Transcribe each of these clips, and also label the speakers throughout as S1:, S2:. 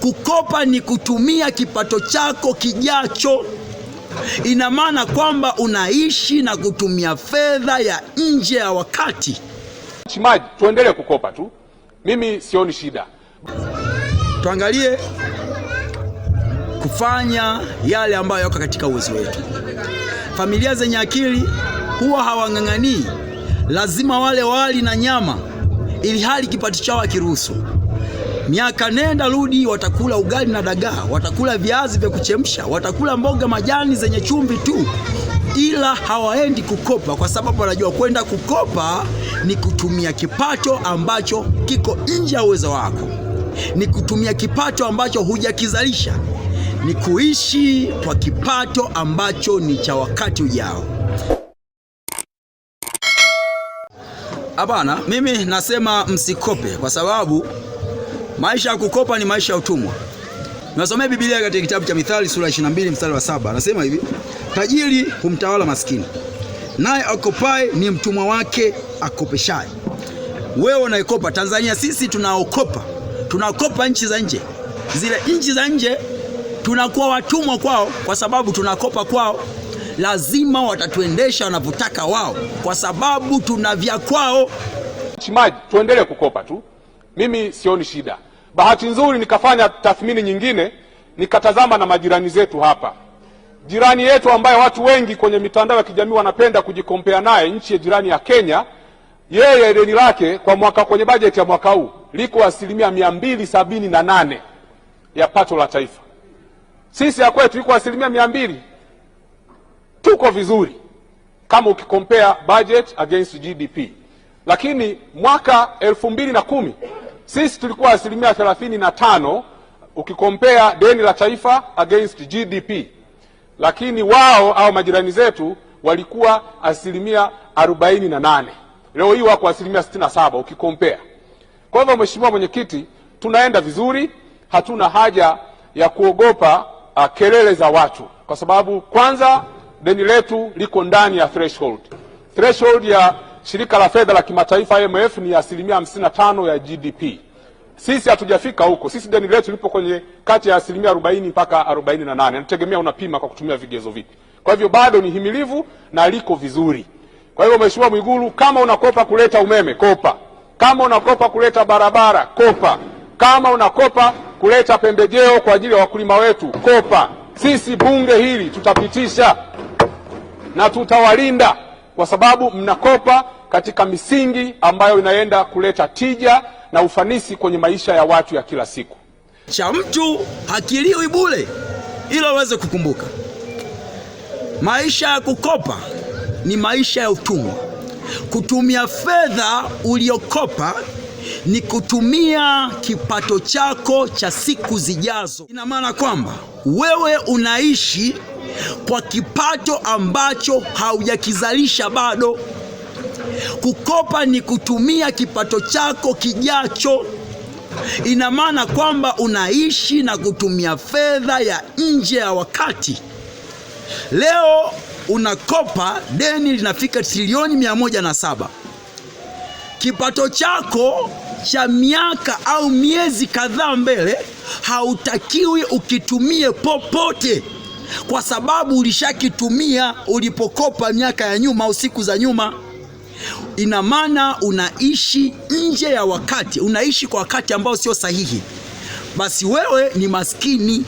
S1: Kukopa ni kutumia kipato chako kijacho. Ina maana kwamba unaishi na kutumia fedha ya nje ya wakati.
S2: Chimaji, tuendelee kukopa tu, mimi sioni shida.
S1: Tuangalie kufanya yale ambayo yako katika uwezo wetu. Familia zenye akili huwa hawang'ang'anii lazima wale wali na nyama, ili hali kipato chao akiruhusu miaka nenda rudi, watakula ugali na dagaa, watakula viazi vya kuchemsha, watakula mboga majani zenye chumvi tu, ila hawaendi kukopa, kwa sababu wanajua kwenda kukopa ni kutumia kipato ambacho kiko nje ya uwezo wako, ni kutumia kipato ambacho hujakizalisha, ni kuishi kwa kipato ambacho ni cha wakati ujao. Hapana, mimi nasema msikope kwa sababu Maisha ya kukopa ni maisha ya utumwa. Nasomea Biblia katika kitabu cha Mithali sura 22 mstari wa saba anasema hivi, tajiri humtawala maskini, naye akopaye ni mtumwa wake akopeshaye. Wewe unaekopa. Tanzania sisi tunaokopa, tunakopa nchi za nje, zile nchi za nje tunakuwa watumwa kwao, kwa sababu tunakopa kwao. Lazima watatuendesha wanapotaka wao, kwa sababu tuna vya kwao.
S2: Chimaji, tuendelee kukopa tu mimi sioni shida. Bahati nzuri nikafanya tathmini nyingine, nikatazama na majirani zetu hapa, jirani yetu ambaye watu wengi kwenye mitandao ya kijamii wanapenda kujikompea naye, nchi ya jirani ya Kenya, yeye deni lake kwa mwaka kwenye bajeti ya mwaka huu liko asilimia mia mbili sabini na nane ya pato la taifa. Sisi ya kwetu iko asilimia mia mbili. Tuko vizuri kama ukikompea budget against GDP lakini mwaka elfu mbili na kumi sisi tulikuwa asilimia thelathini na tano ukikompea deni la taifa against GDP, lakini wao au majirani zetu walikuwa asilimia arobaini na nane leo hii wako asilimia sitini na saba ukikompea. Kwa hivyo, Mheshimiwa Mwenyekiti, tunaenda vizuri, hatuna haja ya kuogopa uh, kelele za watu, kwa sababu kwanza deni letu liko ndani ya threshold. Threshold ya shirika la fedha la kimataifa IMF ni asilimia hamsini na tano ya GDP. Sisi hatujafika huko. Sisi deni letu lipo kwenye kati ya asilimia arobaini mpaka arobaini na nane nategemea unapima kwa kutumia vigezo vipi. Kwa hivyo bado ni himilivu na liko vizuri. Kwa hivyo Mheshimiwa Mwigulu, kama unakopa kuleta umeme kopa, kama unakopa kuleta barabara kopa, kama unakopa kuleta pembejeo kwa ajili ya wakulima wetu kopa. Sisi bunge hili tutapitisha na tutawalinda kwa sababu mnakopa katika misingi ambayo inaenda kuleta tija na ufanisi kwenye maisha ya watu ya kila siku.
S1: Cha mtu hakiliwi bure, ila uweze kukumbuka maisha ya kukopa ni maisha ya utumwa. Kutumia fedha uliokopa ni kutumia kipato chako cha siku zijazo. Ina maana kwamba wewe unaishi kwa kipato ambacho haujakizalisha bado. Kukopa ni kutumia kipato chako kijacho. Ina maana kwamba unaishi na kutumia fedha ya nje ya wakati. Leo unakopa, deni linafika trilioni mia moja na saba. Kipato chako cha miaka au miezi kadhaa mbele hautakiwi ukitumie popote kwa sababu ulishakitumia ulipokopa miaka ya nyuma au siku za nyuma. Ina maana unaishi nje ya wakati, unaishi kwa wakati ambao sio sahihi. Basi wewe ni maskini,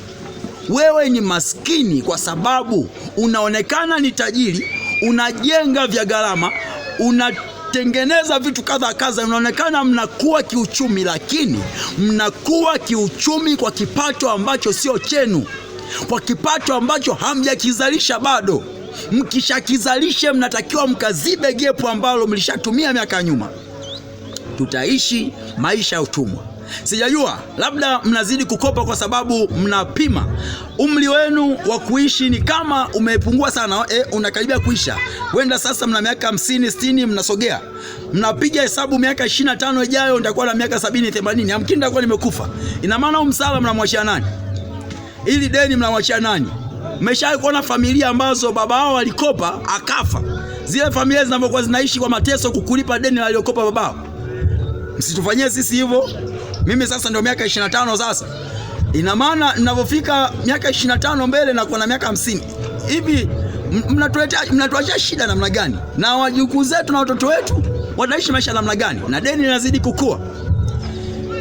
S1: wewe ni maskini kwa sababu unaonekana ni tajiri, unajenga vya gharama, unatengeneza vitu kadha kadha, unaonekana mnakuwa kiuchumi, lakini mnakuwa kiuchumi kwa kipato ambacho sio chenu kwa kipato ambacho hamjakizalisha bado. Mkishakizalisha mnatakiwa mkazibe gepu ambalo mlishatumia miaka ya nyuma. Tutaishi maisha ya utumwa. Sijajua, labda mnazidi kukopa kwa sababu mnapima umri wenu wa kuishi. Ni kama umepungua sana e, unakaribia kuisha, wenda sasa mna miaka 50 60, mnasogea, mnapiga hesabu miaka 25 tano ijayo nitakuwa na miaka 70 80, amkini nitakuwa nimekufa. Ina maana huu msala mnamwachia nani? ili deni mnamwachia nani? Mmeshawahi kuona familia ambazo baba wao alikopa akafa, zile familia zinavyokuwa zinaishi kwa mateso kukulipa deni alilokopa babao? Msitufanyie sisi hivyo. Mimi sasa ndio miaka 25 sasa, ina maana ninavyofika miaka 25 mbele na kuna miaka 50 hivi, mnatuletea mnatuachia shida namna gani? Na wajukuu zetu na watoto wetu wanaishi maisha namna gani? Na deni linazidi kukua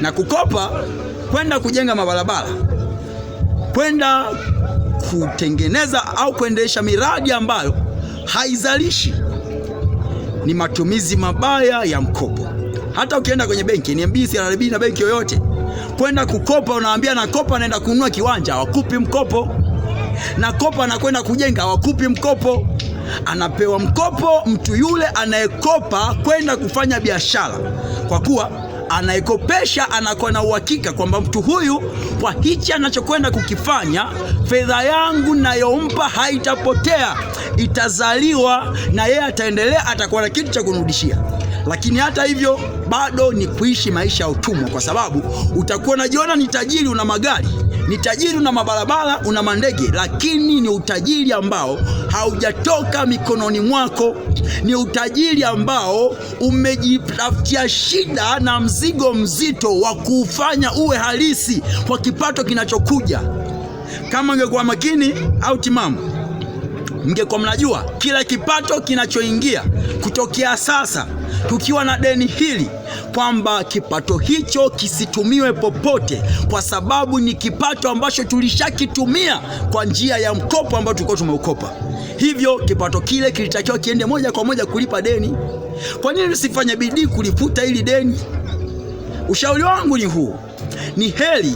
S1: na kukopa kwenda kujenga mabarabara kwenda kutengeneza au kuendesha miradi ambayo haizalishi, ni matumizi mabaya ya mkopo. Hata ukienda kwenye benki ni CRDB na benki yoyote kwenda kukopa, unaambia nakopa, naenda kununua kiwanja, wakupi mkopo. Nakopa nakwenda kujenga, wakupi mkopo. Anapewa mkopo mtu yule anayekopa kwenda kufanya biashara, kwa kuwa anayekopesha anakuwa na uhakika kwamba mtu huyu kwa hichi anachokwenda kukifanya, fedha yangu nayompa haitapotea, itazaliwa na yeye ataendelea, atakuwa na kitu cha kunirudishia. Lakini hata hivyo bado ni kuishi maisha ya utumwa, kwa sababu utakuwa unajiona ni tajiri, una magari, ni tajiri, una mabarabara, una mandege, lakini ni utajiri ambao haujatoka mikononi mwako. Ni utajiri ambao umejitafutia shida na mzigo mzito wa kuufanya uwe halisi kwa kipato kinachokuja. Kama ungekuwa makini au timamu mngekuwa mnajua kila kipato kinachoingia kutokea sasa tukiwa na deni hili kwamba kipato hicho kisitumiwe popote, kwa sababu ni kipato ambacho tulishakitumia kwa njia ya mkopo ambao tulikuwa tumeukopa. Hivyo kipato kile kilitakiwa kiende moja kwa moja kulipa deni. Kwa nini usifanye bidii kulifuta hili deni? Ushauri wangu ni huu, ni heri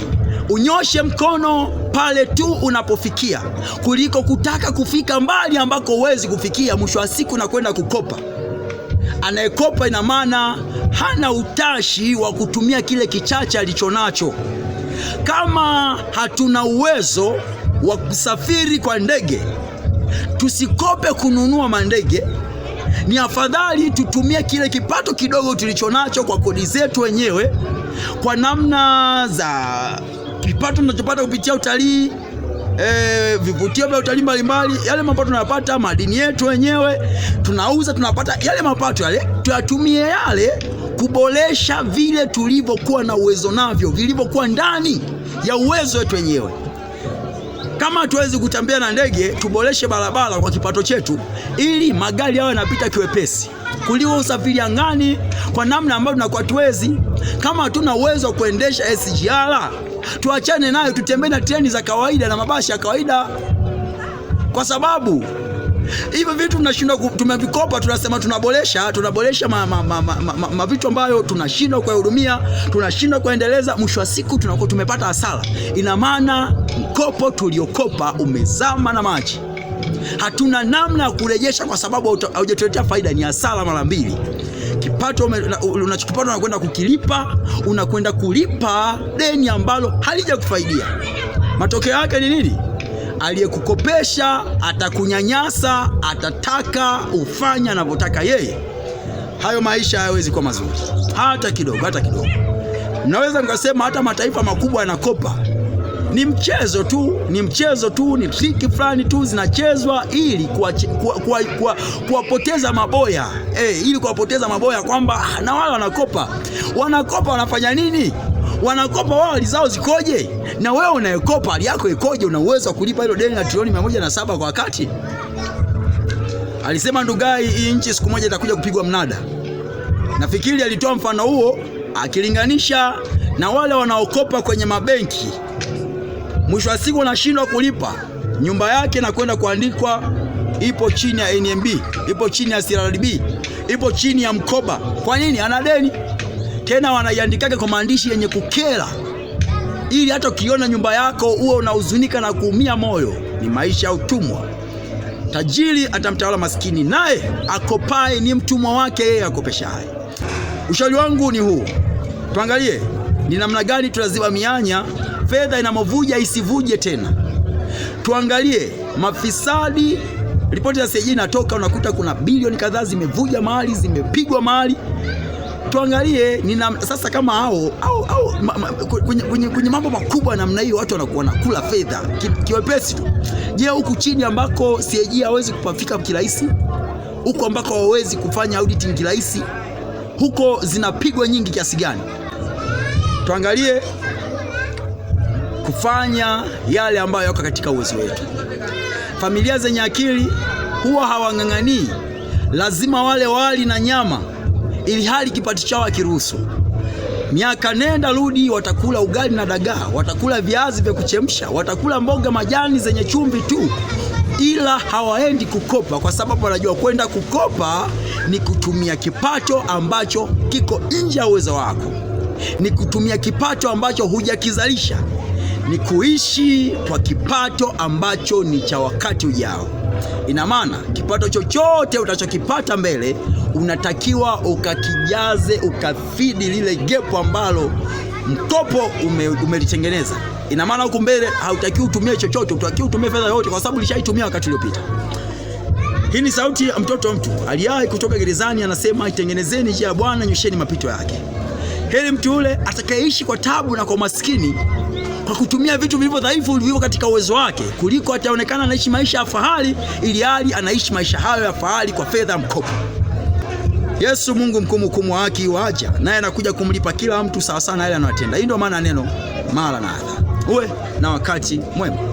S1: unyoshe mkono pale tu unapofikia kuliko kutaka kufika mbali ambako huwezi kufikia, mwisho wa siku na kwenda kukopa. Anayekopa ina maana hana utashi wa kutumia kile kichache alichonacho. Kama hatuna uwezo wa kusafiri kwa ndege, tusikope kununua mandege. Ni afadhali tutumie kile kipato kidogo tulichonacho kwa kodi zetu wenyewe, kwa namna za kipato tunachopata kupitia utalii e, vivutio vya utalii mbalimbali, yale mapato tunayapata, madini yetu wenyewe tunauza, tunapata yale mapato yale, tuyatumie yale kuboresha vile tulivyokuwa na uwezo navyo, vilivyokuwa ndani ya uwezo wetu wenyewe. Kama hatuwezi kutembea na ndege, tuboreshe barabara kwa kipato chetu, ili magari yao yanapita kiwepesi kuliko usafiri angani, kwa namna ambayo tunakuwa tuwezi. Kama hatuna uwezo wa kuendesha SGR tuachane nayo, tutembee na treni za kawaida na mabasi ya kawaida, kwa sababu hivyo vitu tunashindwa, tumevikopa, tunasema tunaboresha, tunaboresha ma, ma, ma, ma, ma, ma vitu ambayo tunashindwa kuyahudumia, tunashindwa kuendeleza. Mwisho wa siku tunakuwa tumepata hasara. Ina maana mkopo tuliokopa umezama na maji, hatuna namna ya kurejesha kwa sababu haujatuletea faida, ni hasara mara mbili kipato unachokipata unakwenda kukilipa, unakwenda kulipa deni ambalo halijakufaidia. Matokeo yake ni nini? Aliyekukopesha atakunyanyasa, atataka ufanye anavyotaka yeye. Hayo maisha hayawezi kuwa mazuri hata kidogo, hata kidogo. Naweza nikasema hata mataifa makubwa yanakopa ni mchezo tu, ni mchezo tu, ni triki fulani tu zinachezwa ili kuwapoteza maboya eh, ili kuwapoteza maboya kwamba na wale wanakopa, wanakopa wanafanya nini? Wanakopa wao hali zao zikoje? Na wewe unayekopa hali yako ikoje? Una uwezo wa kulipa hilo deni la trilioni saba kwa wakati? Alisema Ndugai, hii nchi siku moja itakuja kupigwa mnada. Nafikiri alitoa mfano huo akilinganisha na wale wanaokopa kwenye mabenki mwisho wa siku anashindwa kulipa nyumba yake na kwenda kuandikwa, ipo chini ya NMB, ipo chini ya CRDB, ipo chini ya mkoba. Kwa nini? Ana deni, tena wanaiandikaga kwa maandishi yenye kukera, ili hata ukiona nyumba yako uwe unahuzunika na kuumia moyo. Ni maisha ya utumwa. Tajiri atamtawala maskini, naye akopaye ni mtumwa wake yeye akopeshaye. Ushauri wangu ni huu, tuangalie ni namna gani tunaziba mianya fedha inamovuja isivuje tena. Tuangalie mafisadi, ripoti za CAG inatoka, unakuta kuna bilioni kadhaa zimevuja mahali, zimepigwa mahali. Tuangalie nina, sasa kama hao au, au kwenye mambo makubwa namna hiyo watu wanakuwa nakula fedha kiwepesi tu. Je, huku chini ambako CAG hawezi kupafika kirahisi, huko ambako hawawezi kufanya auditing kirahisi, huko zinapigwa nyingi kiasi gani? Tuangalie kufanya yale ambayo yako katika uwezo wetu. Familia zenye akili huwa hawang'ang'anii lazima wale wali na nyama, ili hali kipato chao akiruhusu. Miaka nenda rudi, watakula ugali na dagaa, watakula viazi vya kuchemsha, watakula mboga majani zenye chumvi tu, ila hawaendi kukopa, kwa sababu wanajua kwenda kukopa ni kutumia kipato ambacho kiko nje ya uwezo wako, ni kutumia kipato ambacho hujakizalisha, ni kuishi kwa kipato ambacho ni cha wakati ujao. Ina maana kipato chochote utachokipata mbele unatakiwa ukakijaze, ukafidi lile gepo ambalo mkopo ume, umelitengeneza. Ina maana huku mbele hautakiwi utumie chochote, utakiwi utumie fedha yote, kwa sababu ulishaitumia wakati uliopita. Hii ni sauti ya mtoto mtu aliyaye kutoka gerezani, anasema itengenezeni njia ya Bwana, nyosheni mapito yake. Heri mtu yule atakayeishi kwa tabu na kwa maskini kwa kutumia vitu vilivyo dhaifu vilivyo katika uwezo wake, kuliko ataonekana anaishi maisha ya fahari, ili hali anaishi maisha hayo ya fahari kwa fedha mkopo. Yesu Mungu mkumukumu wa haki waja naye anakuja kumlipa kila mtu sawasawa na yale anayotenda. Hii ndio maana neno mara adha. uwe na wakati mwema.